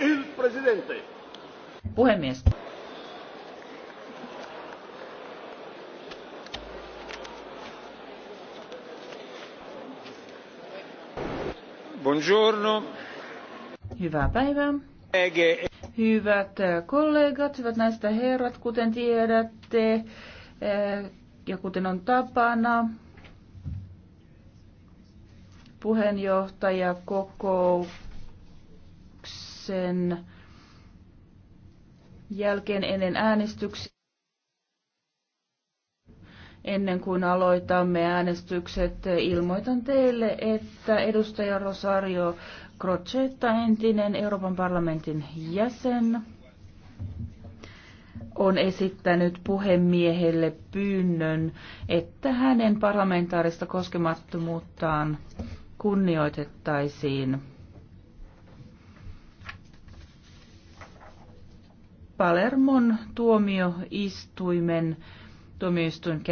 Il presidente. Puhemies. Buongiorno. Hyvää päivää. Hyvät äh, kollegat, hyvät näistä herrat, kuten tiedätte äh, ja kuten on tapana, puheenjohtaja kokous sen jälkeen ennen äänestyksiä. Ennen kuin aloitamme äänestykset, ilmoitan teille, että edustaja Rosario Crocetta, entinen Euroopan parlamentin jäsen, on esittänyt puhemiehelle pyynnön, että hänen parlamentaarista koskemattomuuttaan kunnioitettaisiin. Palermon tuomioistuimen tuomioistuin